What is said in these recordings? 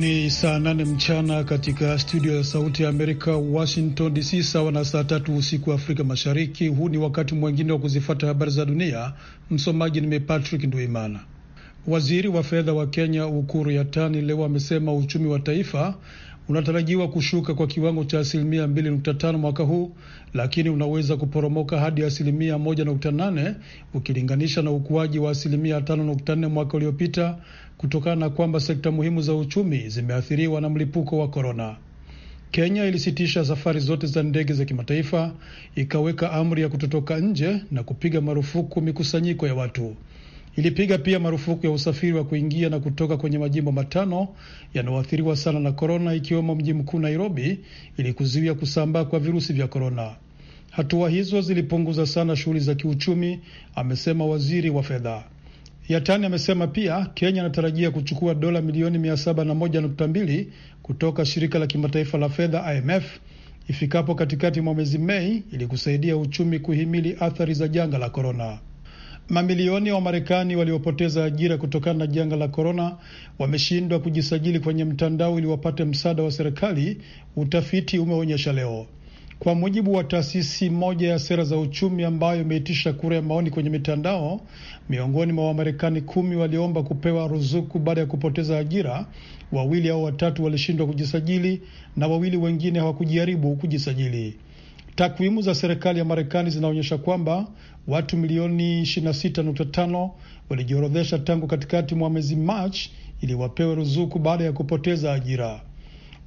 Ni saa nane mchana katika studio ya Sauti ya Amerika, Washington DC, sawa na saa tatu usiku wa Afrika Mashariki. Huu ni wakati mwengine wa kuzifata habari za dunia. Msomaji nime Patrick Nduimana. Waziri wa fedha wa Kenya Ukuru Yatani leo amesema uchumi wa taifa unatarajiwa kushuka kwa kiwango cha asilimia 2.5 mwaka huu, lakini unaweza kuporomoka hadi asilimia 1.8 ukilinganisha na ukuaji wa asilimia 5.4 mwaka uliopita, kutokana na kwamba sekta muhimu za uchumi zimeathiriwa na mlipuko wa korona. Kenya ilisitisha safari zote za ndege za kimataifa, ikaweka amri ya kutotoka nje na kupiga marufuku mikusanyiko ya watu ilipiga pia marufuku ya usafiri wa kuingia na kutoka kwenye majimbo matano yanayoathiriwa sana na korona ikiwemo mji mkuu Nairobi ili kuzuia kusambaa kwa virusi vya korona. Hatua hizo zilipunguza sana shughuli za kiuchumi, amesema waziri wa fedha. Yatani amesema pia Kenya anatarajia kuchukua dola milioni 701.2 kutoka shirika la kimataifa la fedha IMF ifikapo katikati mwa mwezi Mei ili kusaidia uchumi kuhimili athari za janga la korona. Mamilioni ya Wamarekani waliopoteza ajira kutokana na janga la korona wameshindwa kujisajili kwenye mtandao ili wapate msaada wa serikali, utafiti umeonyesha leo, kwa mujibu wa taasisi moja ya sera za uchumi ambayo imeitisha kura ya maoni kwenye mitandao. Miongoni mwa Wamarekani kumi waliomba kupewa ruzuku baada ya kupoteza ajira, wawili au watatu walishindwa kujisajili na wawili wengine hawakujaribu kujisajili. Takwimu za serikali ya Marekani zinaonyesha kwamba watu milioni 26.5 walijiorodhesha tangu katikati mwa mwezi Machi ili wapewe ruzuku baada ya kupoteza ajira.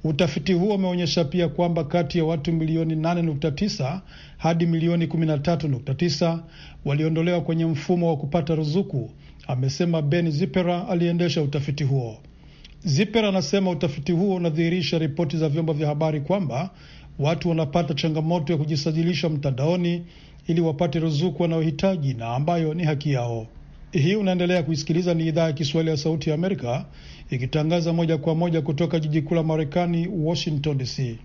Utafiti huo umeonyesha pia kwamba kati ya watu milioni 8.9 hadi milioni 13.9 waliondolewa kwenye mfumo wa kupata ruzuku, amesema Ben Zipera aliendesha utafiti huo. Zipera anasema utafiti huo unadhihirisha ripoti za vyombo vya habari kwamba watu wanapata changamoto ya kujisajilisha mtandaoni ili wapate ruzuku wanayohitaji na ambayo ni haki yao. Hii unaendelea kuisikiliza, ni idhaa ya Kiswahili ya Sauti ya Amerika ikitangaza moja kwa moja kutoka jiji kuu la Marekani, Washington DC.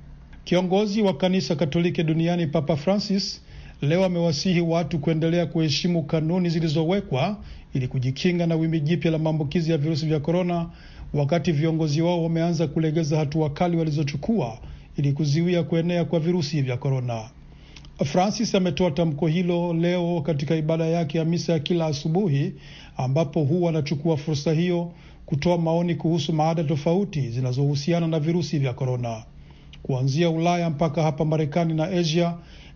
Kiongozi wa kanisa Katoliki duniani Papa Francis leo amewasihi watu kuendelea kuheshimu kanuni zilizowekwa ili kujikinga na wimbi jipya la maambukizi ya virusi vya korona, wakati viongozi wao wameanza kulegeza hatua kali walizochukua ili kuziwia kuenea kwa virusi vya korona. Francis ametoa tamko hilo leo katika ibada yake ya misa ya kila asubuhi, ambapo huwa anachukua fursa hiyo kutoa maoni kuhusu maada tofauti zinazohusiana na virusi vya korona. Kuanzia Ulaya mpaka hapa Marekani na Asia,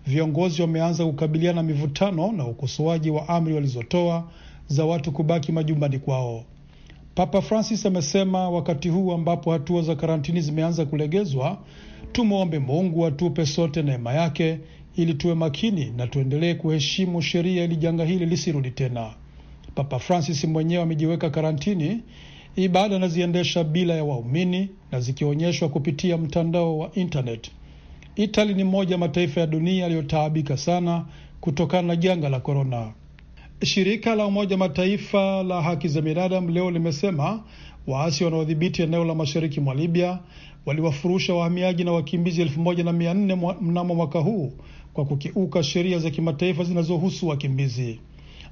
viongozi wameanza kukabiliana mivutano na ukosoaji wa amri walizotoa za watu kubaki majumbani kwao. Papa Francis amesema wakati huu ambapo hatua za karantini zimeanza kulegezwa, tumwombe Mungu atupe sote neema yake ili tuwe makini na tuendelee kuheshimu sheria ili janga hili lisirudi tena. Papa Francis mwenyewe amejiweka karantini, ibada anaziendesha bila ya waumini na zikionyeshwa kupitia mtandao wa intanet. Itali ni moja mataifa ya dunia yaliyotaabika sana kutokana na janga la korona. Shirika la Umoja Mataifa la haki za binadamu leo limesema waasi wanaodhibiti eneo la mashariki mwa Libya waliwafurusha wahamiaji na wakimbizi elfu moja na mia nne mnamo mwaka huu kwa kukiuka sheria za kimataifa zinazohusu wakimbizi.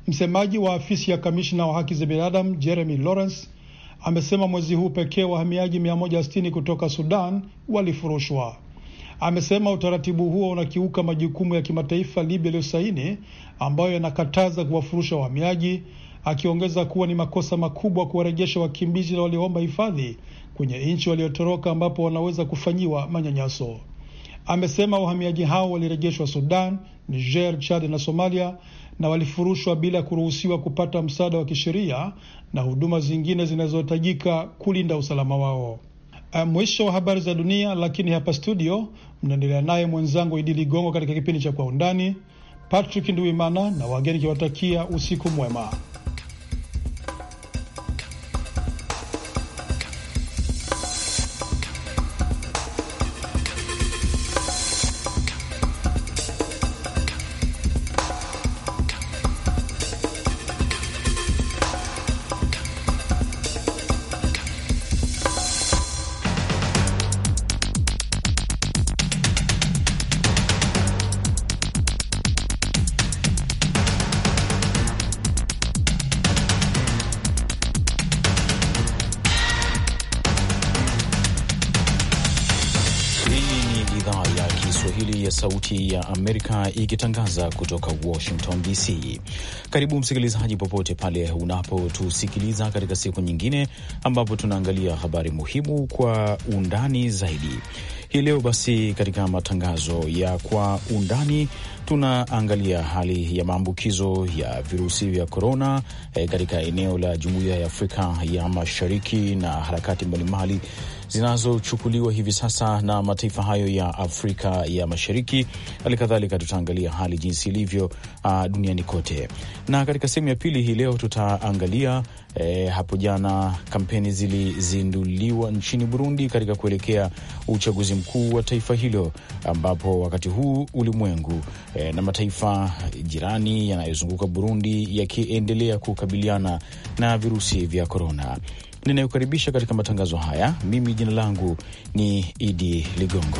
Msemaji wa afisi ya kamishna wa haki za binadamu Jeremy Lawrence amesema mwezi huu pekee wahamiaji 160 kutoka Sudan walifurushwa amesema utaratibu huo unakiuka majukumu ya kimataifa Libya iliyosaini ambayo yanakataza kuwafurusha wahamiaji, akiongeza kuwa ni makosa makubwa kuwarejesha wakimbizi na walioomba hifadhi kwenye nchi waliotoroka ambapo wanaweza kufanyiwa manyanyaso. Amesema wahamiaji hao walirejeshwa Sudan, Niger, Chad na Somalia na walifurushwa bila kuruhusiwa kupata msaada wa kisheria na huduma zingine zinazohitajika kulinda usalama wao. Ah, mwisho wa habari za dunia, lakini hapa studio mnaendelea naye mwenzangu Idi Ligongo katika kipindi cha Kwa Undani. Patrick Nduimana na wageni kiwatakia usiku mwema. Sauti ya Amerika ikitangaza kutoka Washington DC. Karibu msikilizaji, popote pale unapotusikiliza katika siku nyingine ambapo tunaangalia habari muhimu kwa undani zaidi. Hii leo basi, katika matangazo ya kwa undani tunaangalia hali ya maambukizo ya virusi vya korona e, eh, katika eneo la Jumuiya ya Afrika ya Mashariki na harakati mbalimbali zinazochukuliwa hivi sasa na mataifa hayo ya Afrika ya Mashariki. Hali kadhalika tutaangalia hali jinsi ilivyo uh, duniani kote, na katika sehemu ya pili hii leo tutaangalia E, hapo jana kampeni zilizinduliwa nchini Burundi katika kuelekea uchaguzi mkuu wa taifa hilo, ambapo wakati huu ulimwengu e, na mataifa jirani yanayozunguka Burundi yakiendelea kukabiliana na virusi vya korona ninayokaribisha katika matangazo haya. Mimi jina langu ni Idi Ligongo.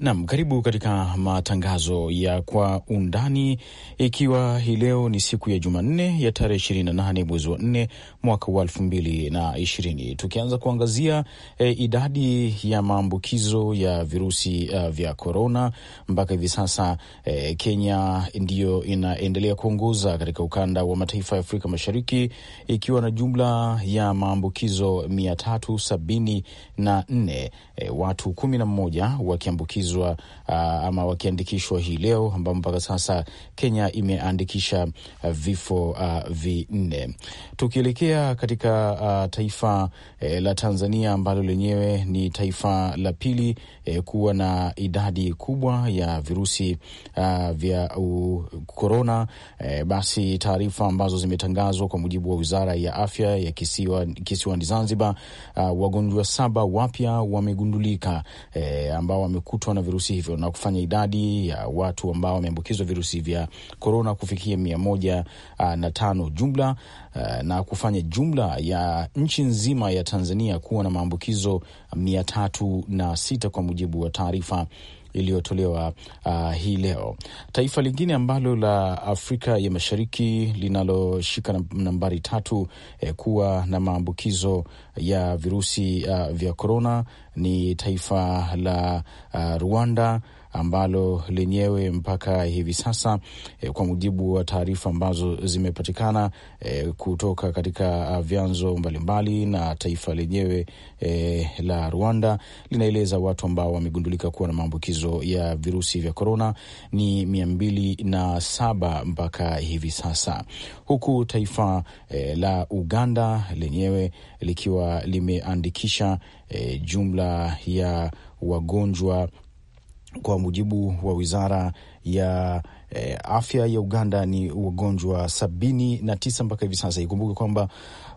Nam, karibu katika matangazo ya kwa undani, ikiwa hii leo ni siku ya Jumanne ya tarehe ishirini na nane mwezi wa nne mwaka wa elfu mbili na ishirini tukianza kuangazia e, idadi ya maambukizo ya virusi uh, vya korona mpaka hivi sasa. E, Kenya ndiyo inaendelea kuongoza katika ukanda wa mataifa ya Afrika Mashariki ikiwa na jumla ya maambukizo mia tatu sabini na nne e, watu kumi na mmoja wakiambukizwa ama wakiandikishwa hii leo, ambapo mpaka sasa Kenya imeandikisha vifo vinne. Tukielekea katika a, taifa e, la Tanzania ambalo lenyewe ni taifa la pili e, kuwa na idadi kubwa ya virusi a, vya korona e, basi taarifa ambazo zimetangazwa kwa mujibu wa Wizara ya Afya ya kisiwani Zanzibar, Zanzibar, wagonjwa saba wapya wamegundulika wamegundulika e, eh, ambao wamekutwa na virusi hivyo na kufanya idadi ya watu ambao wameambukizwa virusi vya korona kufikia mia moja ah, na tano jumla a, eh, na kufanya jumla ya nchi nzima ya Tanzania kuwa na maambukizo mia tatu na sita kwa mujibu wa taarifa iliyotolewa uh, hii leo. Taifa lingine ambalo la Afrika ya Mashariki linaloshika nambari tatu eh, kuwa na maambukizo ya virusi uh, vya korona ni taifa la uh, Rwanda ambalo lenyewe mpaka hivi sasa e, kwa mujibu wa taarifa ambazo zimepatikana e, kutoka katika ah, vyanzo mbalimbali na taifa lenyewe e, la Rwanda linaeleza watu ambao wamegundulika kuwa na maambukizo ya virusi vya korona ni mia mbili na saba mpaka hivi sasa, huku taifa e, la Uganda lenyewe likiwa limeandikisha e, jumla ya wagonjwa kwa mujibu wa wizara ya E, afya ya Uganda ni wagonjwa sabini na tisa mpaka hivi sasa. Ikumbuke kwamba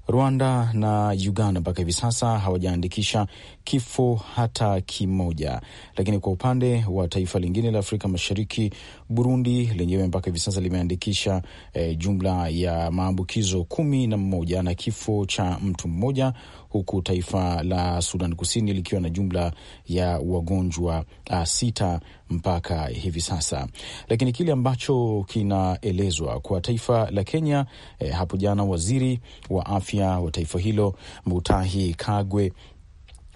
Rwanda na Uganda mpaka hivi sasa hawajaandikisha kifo hata kimoja. Lakini kwa upande wa taifa lingine la Afrika Mashariki, Burundi lenyewe mpaka hivi sasa limeandikisha e, jumla ya maambukizo kumi na mmoja na kifo cha mtu mmoja, huku taifa la Sudan Kusini likiwa na jumla ya wagonjwa a, ah, sita mpaka hivi sasa. Lakini kile ambacho kinaelezwa kwa taifa la Kenya, e, hapo jana waziri wa afya wa taifa hilo Mutahi Kagwe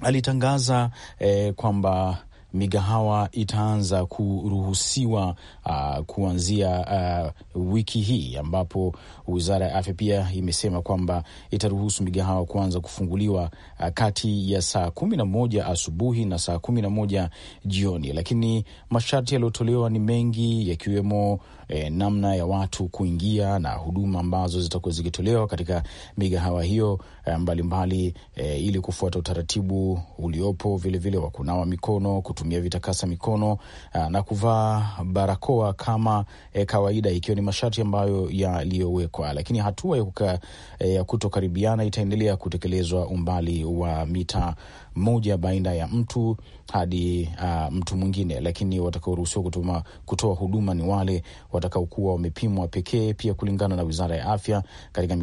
alitangaza eh, kwamba migahawa itaanza kuruhusiwa uh, kuanzia uh, wiki hii, ambapo wizara ya afya pia imesema kwamba itaruhusu migahawa kuanza kufunguliwa uh, kati ya saa kumi na moja asubuhi na saa kumi na moja jioni, lakini masharti yaliyotolewa ni mengi yakiwemo e, namna ya watu kuingia na huduma ambazo zitakuwa zikitolewa katika migahawa hiyo e, mbalimbali, e, ili kufuata utaratibu uliopo, vilevile wa kunawa mikono, kutumia vitakasa mikono a, e, na kuvaa barakoa kama e, kawaida, ikiwa ni masharti ambayo yaliyowekwa, lakini hatua ya e, kutokaribiana itaendelea kutekelezwa umbali wa mita moja baina ya mtu hadi uh, mtu mwingine, lakini watakaoruhusiwa kutuma kutoa huduma ni wale watakaokuwa wamepimwa pekee, pia kulingana na Wizara ya Afya katika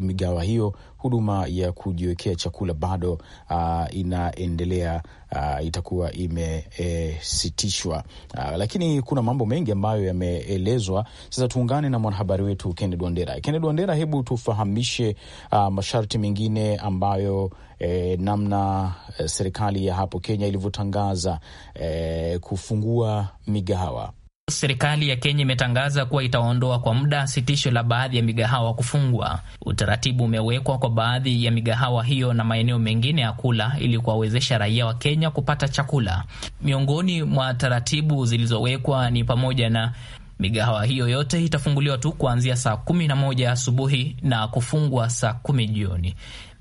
migawa hiyo huduma ya kujiwekea chakula bado uh, inaendelea uh, itakuwa imesitishwa e, uh, lakini kuna mambo mengi ambayo yameelezwa. Sasa tuungane na mwanahabari wetu Kennedy Wandera. Kennedy Wandera, hebu tufahamishe uh, masharti mengine ambayo E, namna eh, serikali ya hapo Kenya ilivyotangaza e, kufungua migahawa Serikali ya Kenya imetangaza kuwa itaondoa kwa muda sitisho la baadhi ya migahawa kufungwa. Utaratibu umewekwa kwa baadhi ya migahawa hiyo na maeneo mengine ya kula ili kuwawezesha raia wa Kenya kupata chakula. Miongoni mwa taratibu zilizowekwa ni pamoja na migahawa hiyo yote itafunguliwa tu kuanzia saa kumi na moja asubuhi na kufungwa saa kumi jioni.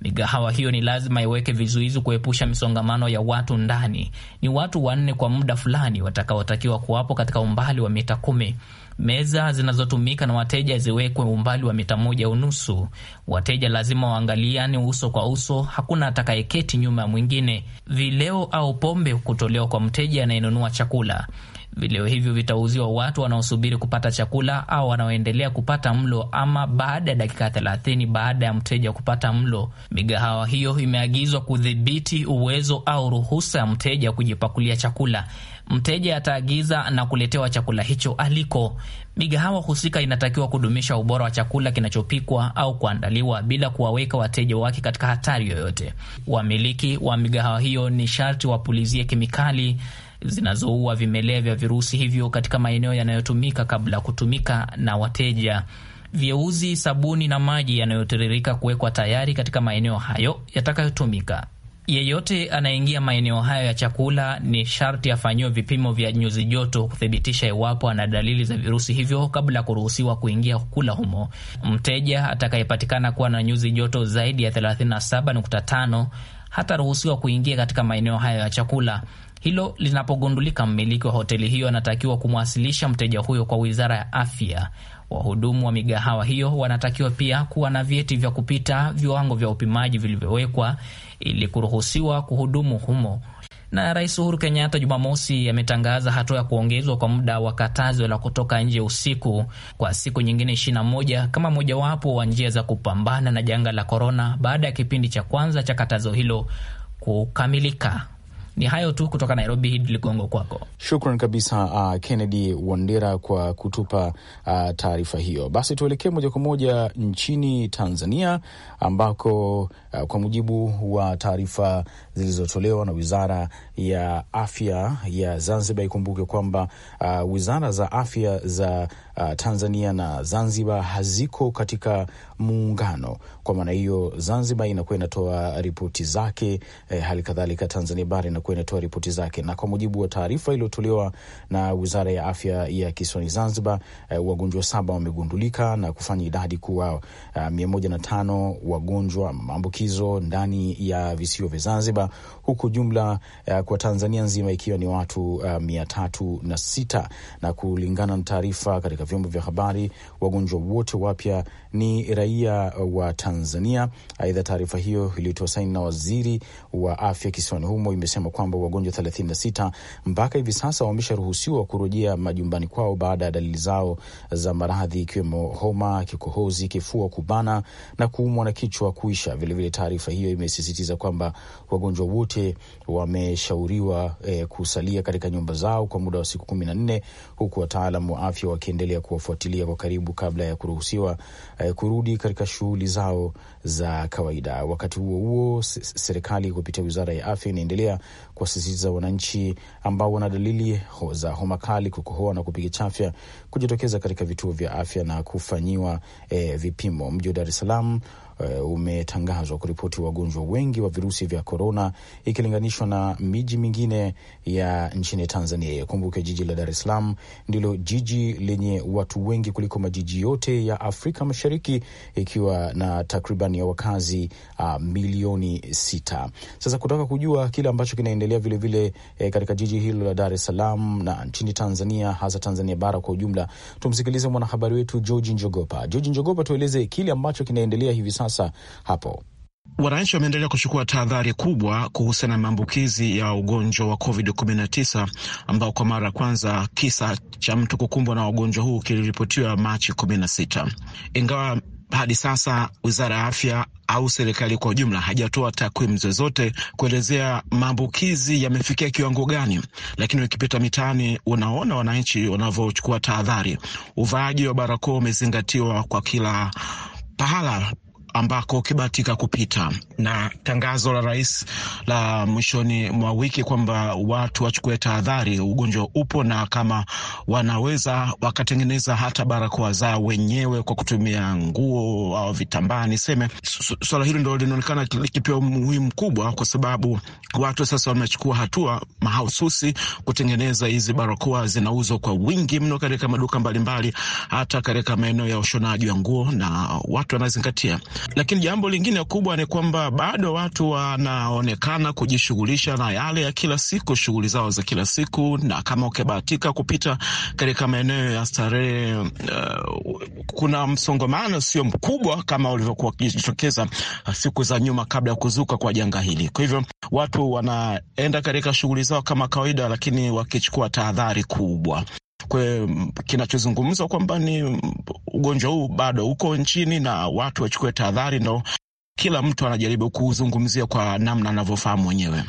Migahawa hiyo ni lazima iweke vizuizi kuepusha misongamano ya watu ndani. Ni watu wanne kwa muda fulani watakaotakiwa kuwapo katika umbali wa mita kumi. Meza zinazotumika na wateja ziwekwe umbali wa mita moja unusu. Wateja lazima waangaliani uso kwa uso, hakuna atakayeketi nyuma ya mwingine. Vileo au pombe kutolewa kwa mteja anayenunua chakula. Vileo hivyo vitauziwa watu wanaosubiri kupata chakula au wanaoendelea kupata mlo ama baada ya dakika thelathini baada ya mteja kupata mlo. Migahawa hiyo imeagizwa kudhibiti uwezo au ruhusa ya mteja kujipakulia chakula. Mteja ataagiza na kuletewa chakula hicho aliko. Migahawa husika inatakiwa kudumisha ubora wa chakula kinachopikwa au kuandaliwa bila kuwaweka wateja wake katika hatari yoyote. Wamiliki wa migahawa hiyo ni sharti wapulizie kemikali zinazoua vimelea vya virusi hivyo katika maeneo yanayotumika kabla ya kutumika na wateja. Vyeuzi, sabuni na maji yanayotiririka kuwekwa tayari katika maeneo hayo yatakayotumika. Yeyote anayeingia maeneo hayo ya chakula ni sharti afanyiwe vipimo vya nyuzi joto kuthibitisha iwapo ana dalili za virusi hivyo kabla ya kuruhusiwa kuingia kula humo. Mteja atakayepatikana kuwa na nyuzi joto zaidi ya 37.5 hataruhusiwa kuingia katika maeneo hayo ya chakula. Hilo linapogundulika, mmiliki wa hoteli hiyo anatakiwa kumwasilisha mteja huyo kwa wizara ya afya. Wahudumu wa migahawa hiyo wanatakiwa pia kuwa na vyeti vya kupita viwango vya upimaji vilivyowekwa ili kuruhusiwa kuhudumu humo. Na Rais Uhuru Kenyatta Jumamosi ametangaza hatua ya kuongezwa kwa muda wa katazo la kutoka nje usiku kwa siku nyingine 21 kama mojawapo wa njia za kupambana na janga la korona baada ya kipindi cha kwanza cha katazo hilo kukamilika. Ni hayo tu kutoka Nairobi, Hidi Ligongo, kwako. Shukran kabisa uh, Kennedy Wandera kwa kutupa uh, taarifa hiyo. Basi tuelekee moja kwa moja nchini Tanzania ambako uh, kwa mujibu wa taarifa zilizotolewa na wizara ya afya ya Zanzibar, ikumbuke kwamba uh, wizara za afya za uh, Tanzania na Zanzibar haziko katika muungano. Kwa maana hiyo, Zanzibar inakuwa inatoa ripoti zake, eh, hali kadhalika Tanzania bara itakuwa inatoa ripoti zake, na kwa mujibu wa taarifa iliyotolewa na wizara ya afya ya kisiwani Zanzibar, uh, wagonjwa saba wamegundulika na kufanya idadi kuwa eh, mia moja na tano wagonjwa maambukizo ndani ya visiwa vya Zanzibar, huku jumla uh, kwa Tanzania nzima ikiwa ni watu eh, mia tatu na sita na kulingana na taarifa katika vyombo vya habari wagonjwa wote wapya ni raia wa Tanzania. Aidha, taarifa hiyo iliyotoa saini na waziri wa afya kisiwani humo imesema kwamba wagonjwa 36 mpaka hivi sasa wamesharuhusiwa kurejea majumbani kwao baada ya dalili zao za maradhi ikiwemo homa, kikohozi, kifua kubana na kuumwa na kichwa kuisha. Vilevile, taarifa hiyo imesisitiza kwamba wagonjwa wote wameshauriwa eh, kusalia katika nyumba zao kwa muda wa siku kumi na nne huku wataalam wa afya wakiendelea kuwafuatilia kwa karibu kabla ya kuruhusiwa eh, kurudi katika shughuli zao za kawaida. Wakati huo huo, serikali kupitia wizara ya afya inaendelea kuwasisitiza wananchi ambao wana dalili za homa kali, kukohoa na kupiga chafya kujitokeza katika vituo vya afya na kufanyiwa eh, vipimo. Mji wa Dar es Salaam uh, umetangazwa kuripoti wagonjwa wengi wa virusi vya korona ikilinganishwa na miji mingine ya nchini Tanzania. Kumbuke jiji la Dar es Salaam ndilo jiji lenye watu wengi kuliko majiji yote ya Afrika Mashariki, ikiwa na takriban ya wakazi uh, milioni sita. Sasa kutaka kujua kile ambacho kinaendelea vilevile eh, katika jiji hilo la Dar es Salaam na nchini Tanzania, hasa Tanzania bara kwa ujumla, tumsikilize mwanahabari wetu George Njogopa. George Njogopa, tueleze kile ambacho kinaendelea hivi sasa sasa hapo. Wananchi wameendelea kuchukua tahadhari kubwa kuhusiana na maambukizi ya ugonjwa wa COVID-19 ambao kwa mara ya kwanza kisa cha mtu kukumbwa na ugonjwa huu kiliripotiwa Machi 16 ingawa hadi sasa wizara ya afya au serikali kwa ujumla hajatoa takwimu zozote kuelezea maambukizi yamefikia kiwango gani, lakini ukipita mitaani unaona wananchi wanavyochukua tahadhari. Uvaaji wa barakoa umezingatiwa kwa kila pahala ambako ukibahatika kupita na tangazo la rais la mwishoni mwa wiki kwamba watu wachukue tahadhari, ugonjwa upo, na kama wanaweza wakatengeneza hata barakoa zao wenyewe kwa kutumia nguo au vitambaa. Niseme swala hili ndo linaonekana likipewa umuhimu mkubwa, kwa sababu watu sasa wamechukua hatua mahususi kutengeneza hizi barakoa. Zinauzwa kwa wingi mno katika maduka mbalimbali, hata katika maeneo ya ushonaji wa nguo, na watu wanazingatia lakini jambo lingine kubwa ni kwamba bado watu wanaonekana kujishughulisha na yale ya kila siku, shughuli zao za kila siku, na kama ukibahatika kupita katika maeneo ya starehe uh, kuna msongamano sio mkubwa kama ulivyokuwa ukijitokeza siku za nyuma kabla ya kuzuka kwa janga hili. Kwa hivyo watu wanaenda katika shughuli zao kama kawaida, lakini wakichukua tahadhari kubwa kinachozungumzwa kwamba ni ugonjwa huu bado uko nchini na watu wachukue tahadhari, ndo kila mtu anajaribu kuzungumzia kwa namna anavyofahamu mwenyewe.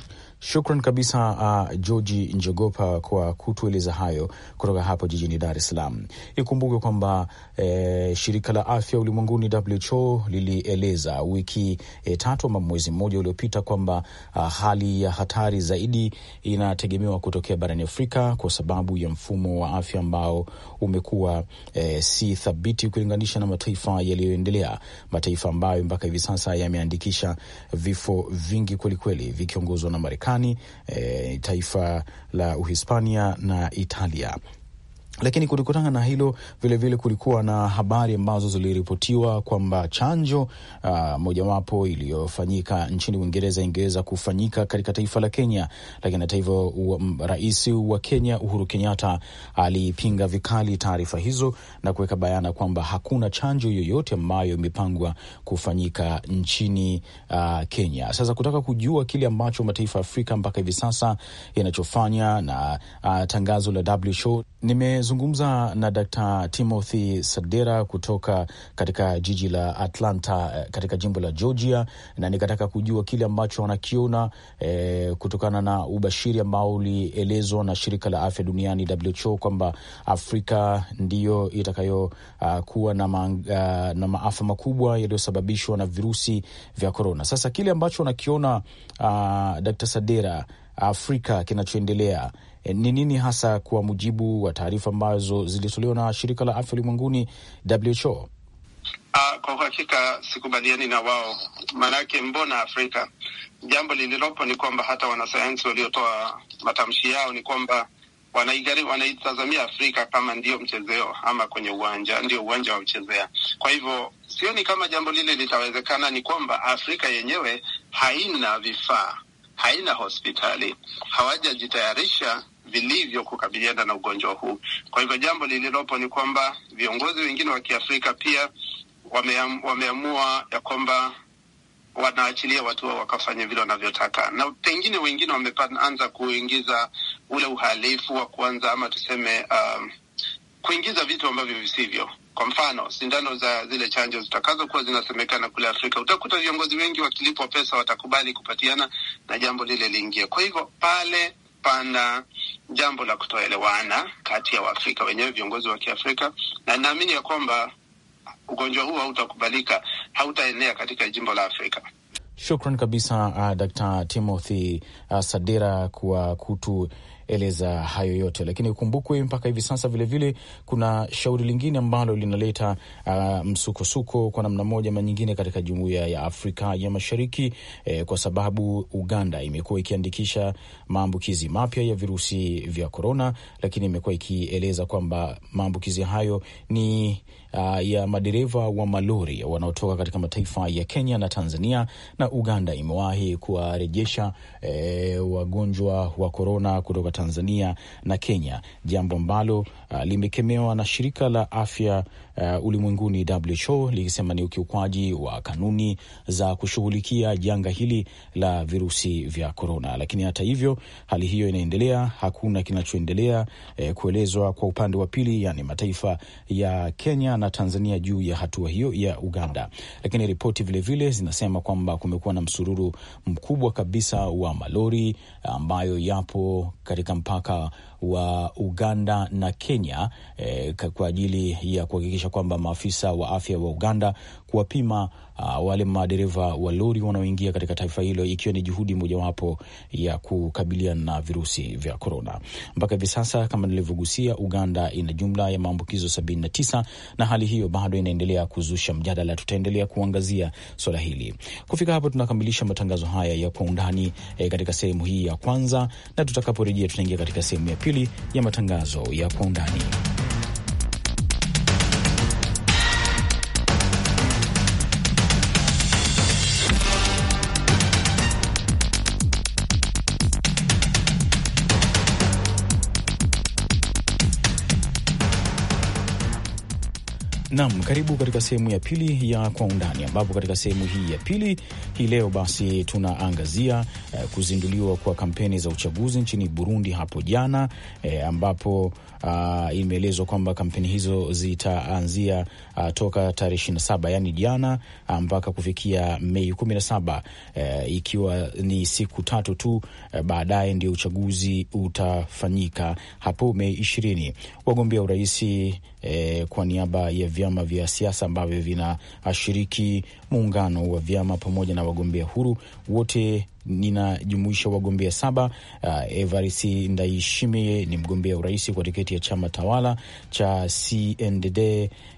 Shukran kabisa uh, Georgi Njogopa kwa kutueleza hayo kutoka hapo jijini Dar es Salaam. Ikumbuke kwamba eh, shirika la afya ulimwenguni WHO lilieleza wiki eh, tatu ama mwezi mmoja uliopita kwamba uh, hali ya hatari zaidi inategemewa kutokea barani Afrika kwa sababu ya mfumo wa afya ambao umekuwa e, si thabiti ukilinganisha na mataifa yaliyoendelea, mataifa ambayo mpaka hivi sasa yameandikisha vifo vingi kwelikweli, vikiongozwa na Marekani, e, taifa la Uhispania na Italia. Lakini kutokana na hilo vilevile vile kulikuwa na habari ambazo ziliripotiwa kwamba chanjo ah, mojawapo iliyofanyika nchini Uingereza ingeweza kufanyika katika taifa la Kenya, lakini hata hivyo rais wa Kenya Uhuru Kenyatta alipinga vikali taarifa hizo na kuweka bayana kwamba hakuna chanjo yoyote ambayo imepangwa kufanyika nchini uh, Kenya. Sasa kutaka kujua kile ambacho mataifa ya Afrika mpaka hivi sasa yanachofanya na uh, tangazo la WHO nime Nimezungumza na Dkt. Timothy Sadera kutoka katika jiji la Atlanta eh, katika jimbo la Georgia, na nikataka kujua kile ambacho wanakiona eh, kutokana na ubashiri ambao ulielezwa na shirika la afya duniani WHO kwamba Afrika ndiyo itakayokuwa ah, uh, na, ma, uh, ah, na maafa makubwa yaliyosababishwa na virusi vya korona. Sasa kile ambacho wanakiona uh, ah, Dkt. Sadera Afrika kinachoendelea E, ni nini hasa, kwa mujibu wa taarifa ambazo zilitolewa na shirika la afya ulimwenguni WHO? Uh, ah, kwa uhakika sikubaliani na wao, maanake mbona Afrika? Jambo lililopo ni kwamba hata wanasayansi waliotoa matamshi yao ni kwamba wanaitazamia Afrika kama ndio mchezeo ama kwenye uwanja ndio uwanja wa kuchezea. Kwa hivyo sioni kama jambo lile litawezekana. Ni kwamba Afrika yenyewe haina vifaa, haina hospitali, hawajajitayarisha vilivyo kukabiliana na ugonjwa huu. Kwa hivyo jambo lililopo ni kwamba viongozi wengine wa Kiafrika pia wameamua, wameamua ya kwamba wanaachilia watu wao wakafanya vile wanavyotaka, na pengine wengine wameanza kuingiza ule uhalifu wa kuanza ama tuseme, um, kuingiza vitu ambavyo visivyo. Kwa mfano sindano za zile chanjo zitakazokuwa zinasemekana kule Afrika, utakuta viongozi wengi wakilipwa pesa watakubali kupatiana na jambo lile liingie. Kwa hivyo pale kupanda jambo la kutoelewana kati ya Waafrika wenyewe, viongozi wa Kiafrika, na naamini ya kwamba ugonjwa huu hautakubalika, hautaenea katika jimbo la Afrika. Shukran kabisa, uh, Dkt. Timothy uh, Sadira kwa kutu eleza hayo yote, lakini ukumbukwe mpaka hivi sasa vilevile vile, kuna shauri lingine ambalo linaleta uh, msukosuko kwa namna moja ama nyingine katika jumuiya ya Afrika ya Mashariki eh, kwa sababu Uganda imekuwa ikiandikisha maambukizi mapya ya virusi vya korona, lakini imekuwa ikieleza kwamba maambukizi hayo ni uh, ya madereva wa malori wanaotoka katika mataifa ya Kenya na Tanzania na Uganda imewahi kuwarejesha eh, wagonjwa wa korona kutoka Tanzania na Kenya, jambo ambalo uh, limekemewa na shirika la afya uh, ulimwenguni WHO likisema ni ukiukwaji wa kanuni za kushughulikia janga hili la virusi vya korona. Lakini hata hivyo hali hiyo inaendelea, hakuna kinachoendelea eh, kuelezwa kwa upande wa pili, yani mataifa ya Kenya na Tanzania juu ya hatua hiyo ya Uganda, lakini ripoti vilevile zinasema kwamba kumekuwa na msururu mkubwa kabisa wa malori ambayo yapo katika mpaka wa Uganda na Kenya eh, kwa ajili ya kuhakikisha kwamba maafisa wa afya wa Uganda kuwapima uh, wale madereva wa lori wanaoingia katika taifa hilo, ikiwa ni juhudi mojawapo ya kukabiliana na virusi vya korona. Mpaka hivi sasa, kama nilivyogusia, Uganda ina jumla ya maambukizo 79 na hali hiyo bado inaendelea kuzusha mjadala. Tutaendelea kuangazia swala hili. Kufika hapo, tunakamilisha matangazo haya ya kwa undani eh, katika sehemu hii ya ya kwanza, na tutakaporejea tunaingia katika sehemu ya pili ya matangazo ya kwa undani. Naam, karibu katika sehemu ya pili ya Kwa Undani, ambapo katika sehemu hii ya pili hii leo basi tunaangazia eh, kuzinduliwa kwa kampeni za uchaguzi nchini Burundi hapo jana eh, ambapo uh, imeelezwa kwamba kampeni hizo zitaanzia uh, toka tarehe ishirini na saba yaani jana ah, mpaka kufikia Mei kumi na saba uh, ikiwa ni siku tatu tu uh, baadaye ndio uchaguzi utafanyika hapo Mei ishirini. Wagombea uraisi E, eh, kwa niaba ya vyama vya siasa ambavyo vinashiriki muungano wa vyama pamoja na wagombea huru wote ninajumuisha wagombea saba. Uh, Evaris Ndayishimiye ni mgombea urais kwa tiketi ya chama tawala cha CNDD.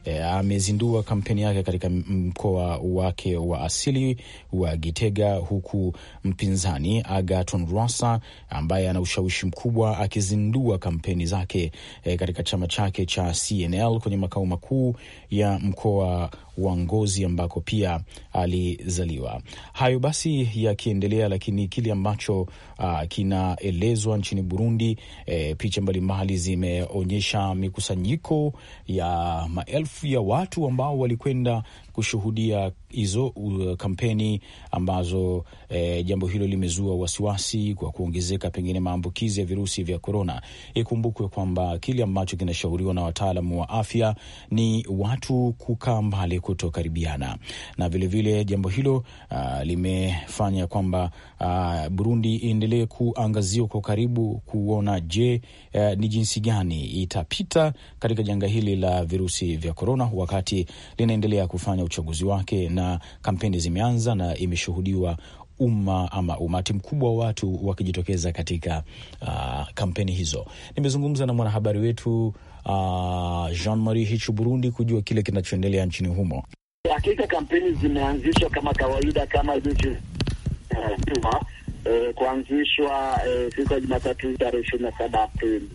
Uh, amezindua kampeni yake katika mkoa wake wa asili wa Gitega, huku mpinzani Agaton Rwasa ambaye ana ushawishi mkubwa akizindua kampeni zake uh, katika chama chake cha CNL kwenye makao makuu ya mkoa wa Ngozi ambako pia alizaliwa. Hayo basi yakiendelea, lakini kile ambacho uh, kinaelezwa nchini Burundi. E, picha mbalimbali zimeonyesha mikusanyiko ya maelfu ya watu ambao walikwenda kushuhudia hizo uh, kampeni ambazo eh, jambo hilo limezua wasiwasi kwa kuongezeka pengine maambukizi ya virusi vya korona. Ikumbukwe kwamba kile ambacho kinashauriwa na wataalamu wa afya ni watu kukaa mbali, kutokaribiana na vilevile, vile jambo hilo uh, limefanya kwamba uh, Burundi iendelee kuangaziwa kwa karibu kuona je, eh, ni jinsi gani itapita katika janga hili la virusi vya korona, wakati linaendelea kufanya uchaguzi wake na kampeni zimeanza na imeshuhudiwa umma ama umati mkubwa wa watu wakijitokeza katika uh, kampeni hizo. Nimezungumza na mwanahabari wetu uh, ah, Jean Marie Hichu Burundi kujua kile kinachoendelea nchini humo. Hakika kampeni zimeanzishwa kama kawaida kama jinsi uh, eh, eh, kuanzishwa eh, siku ya Jumatatu tarehe ishirini na saba Aprili.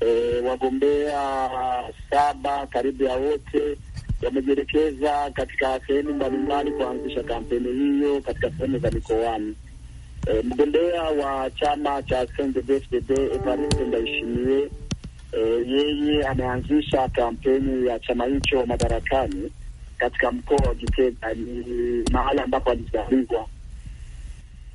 Eh, wagombea ah, saba karibu ya wote wamejielekeza katika sehemu mbalimbali kuanzisha kampeni hiyo katika sehemu za mikoani. E, mgombea wa chama cha CNDD-FDD Evariste Ndayishimiye eh, yeye ameanzisha kampeni ya chama hicho madarakani katika mkoa wa Gitega, ni mahala ambapo alizaliwa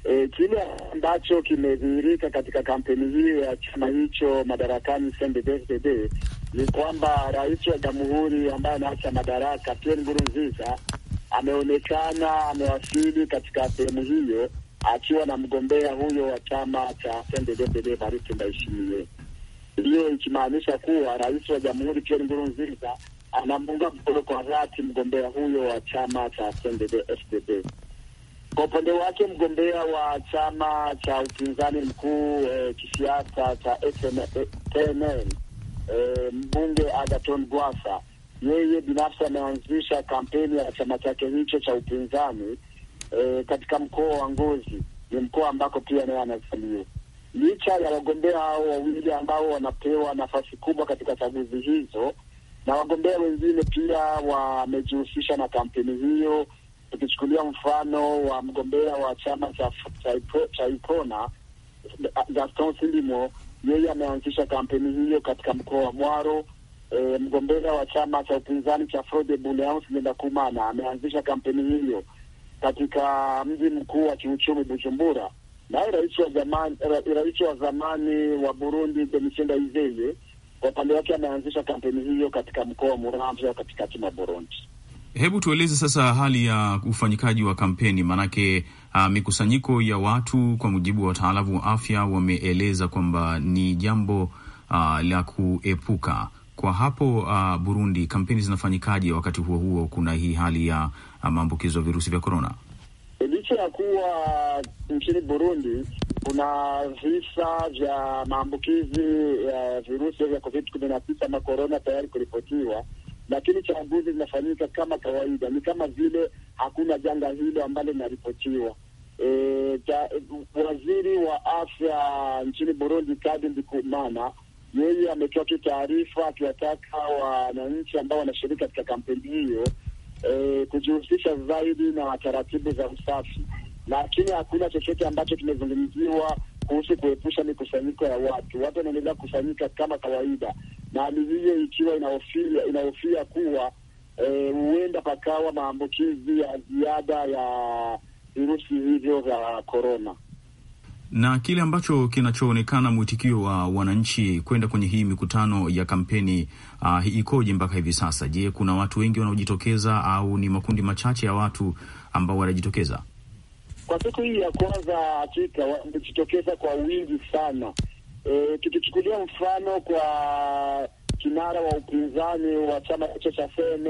E, kile ambacho kimedhihirika katika kampeni hiyo ya chama hicho madarakani CNDD-FDD ni kwamba rais wa jamhuri ambaye anaacha madaraka Pierre Nkurunziza ameonekana amewasili katika sehemu hiyo akiwa na mgombea huyo wa chama cha CNDD-FDD Evariste Ndayishimiye. Hiyo ikimaanisha kuwa rais wa jamhuri Pierre Nkurunziza anamunga mkono kwa dhati mgombea huyo wa chama cha CNDD-FDD. Kwa upande wake mgombea wa chama cha upinzani mkuu eh, kisiasa cha TNL eh, mbunge Agaton Gwasa, yeye binafsi ameanzisha kampeni ya chama chake hicho cha upinzani eh, katika mkoa wa Ngozi, ni mkoa ambako pia naye anazaliwa. Licha ya wagombea hao wawili ambao wanapewa nafasi kubwa katika chaguzi hizo, na wagombea wengine pia wamejihusisha na kampeni hiyo tukichukulia mfano wa mgombea wa chama cha cha Ikona Gaston Silimo, yeye ameanzisha kampeni hiyo katika mkoa wa Mwaro. E, mgombea wa chama cha upinzani cha Frode Buleans Kumana ameanzisha kampeni hiyo katika mji mkuu wa kiuchumi Bujumbura. Naye rais wa zamani rais wa zamani wa Burundi Domitien Ndayizeye kwa upande wake ameanzisha kampeni hiyo katika mkoa wa Muramvya katikati mwa Burundi. Hebu tueleze sasa hali ya ufanyikaji wa kampeni maanake, uh, mikusanyiko ya watu kwa mujibu wa wataalamu wa afya wameeleza kwamba ni jambo uh, la kuepuka kwa hapo uh, Burundi. Kampeni zinafanyikaje wakati huo huo kuna hii hali ya uh, maambukizo ya virusi vya korona? E, licha ya kuwa nchini Burundi kuna visa vya maambukizi ya virusi vya covid kumi na tisa ama korona tayari kuripotiwa lakini chambuzi zinafanyika kama kawaida, ni kama vile hakuna janga hilo ambalo linaripotiwa. E, waziri wa afya nchini Burundi Kadi Ndikumana yeye ametoa tu taarifa akiwataka wananchi ambao wanashiriki katika kampeni hiyo e, kujihusisha zaidi na taratibu za usafi, lakini hakuna chochote ambacho kimezungumziwa kuhusu kuepusha mikusanyiko ya watu. Watu wanaendelea kusanyika kama kawaida, na hali hiyo ikiwa inahofia inahofia kuwa eh, huenda e, pakawa maambukizi ya ziada ya virusi hivyo vya korona na kile ambacho kinachoonekana mwitikio wa wananchi kwenda kwenye hii mikutano ya kampeni uh, ikoje mpaka hivi sasa? Je, kuna watu wengi wanaojitokeza au ni makundi machache ya watu ambao wanajitokeza? Kwa siku hii ya kwanza, hakika wamejitokeza kwa wingi sana. E, tukichukulia mfano kwa kinara wa upinzani wa chama hicho cha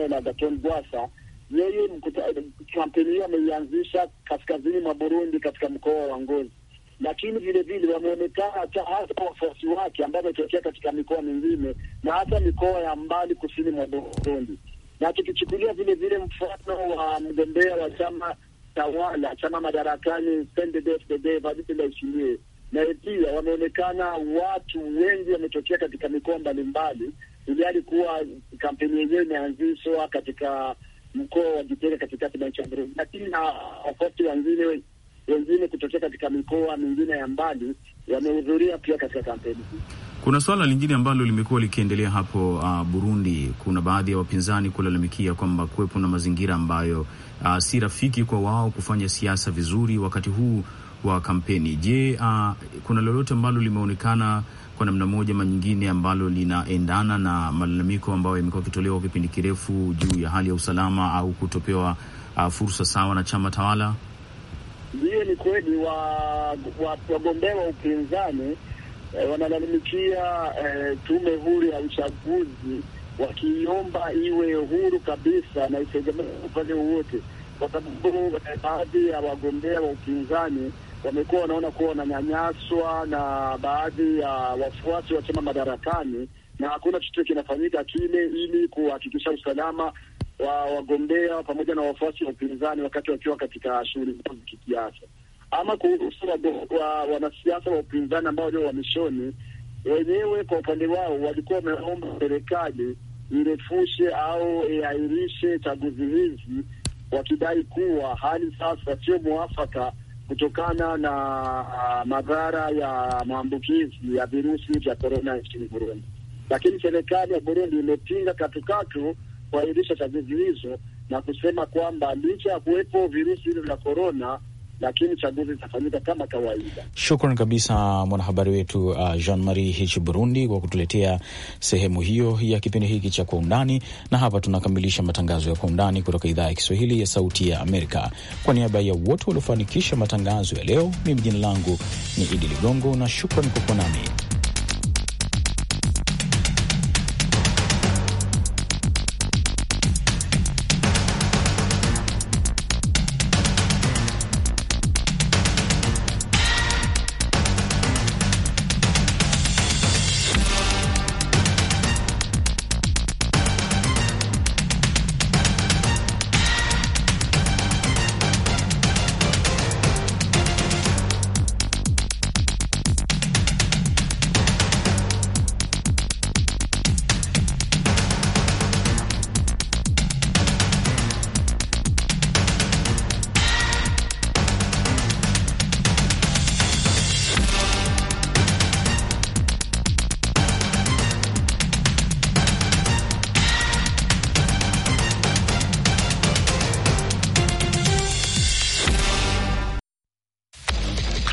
na Gaton Rwasa, yeye kampeni hiyo ameianzisha kaskazini mwa Burundi katika mkoa wa Ngozi, lakini vile vile wameonekana hasa wafuasi wake ambao wametokea katika mikoa mingine na hata mikoa ya mbali kusini mwa Burundi, na tukichukulia vile vile mfano wa mgombea wa chama tawala chama madarakani CNDD-FDD naye pia wameonekana watu wengi wametokea katika mikoa mbalimbali, ili kuwa kampeni yenyewe imeanzishwa katika mkoa wa Gitega katikati na Chaburuni, lakini na wafati wengine wengine kutokea katika mikoa mingine ya mbali wamehudhuria pia katika kampeni hii. Kuna swala lingine ambalo limekuwa likiendelea hapo uh, Burundi. Kuna baadhi ya wapinzani kulalamikia kwamba kuwepo na mazingira ambayo uh, si rafiki kwa wao kufanya siasa vizuri wakati huu wa kampeni. Je, uh, kuna lolote ambalo limeonekana kwa namna moja ama nyingine ambalo linaendana na malalamiko ambayo yamekuwa yakitolewa kipindi kirefu juu ya hali ya usalama au kutopewa uh, fursa sawa na chama tawala? Hiyo ni kweli, wagombea wa, wa, wa upinzani eh, wanalalamikia eh, tume huru ya uchaguzi wakiomba iwe huru kabisa na isegemee upande wowote, kwa sababu eh, baadhi ya wagombea wa upinzani wamekuwa wanaona kuwa wananyanyaswa na baadhi ya wafuasi wa chama madarakani, na hakuna chochote kinafanyika kile ili kuhakikisha usalama wa wagombea pamoja na wafuasi wa upinzani wakati wakiwa katika shughuli zao za kisiasa ama kuhusu wa wanasiasa wa upinzani ambao lio wamishoni wenyewe kwa upande wao walikuwa wameomba serikali irefushe au iairishe chaguzi hizi, wakidai kuwa hali sasa sio mwafaka kutokana na uh, madhara ya maambukizi ya virusi vya korona nchini Burundi. Lakini serikali ya Burundi imepinga katukatu kuairisha chaguzi hizo na kusema kwamba licha ya kuwepo virusi hivyo vya korona lakini chaguzi zitafanyika kama kawaida. Shukran kabisa mwanahabari wetu uh, Jean Marie Hichi Burundi kwa kutuletea sehemu hiyo ya kipindi hiki cha Kwa Undani, na hapa tunakamilisha matangazo ya Kwa Undani kutoka idhaa ya Kiswahili ya Sauti ya Amerika. Kwa niaba ya wote waliofanikisha matangazo ya leo, mimi jina langu ni Idi Ligongo na shukran kwa kuwa nami.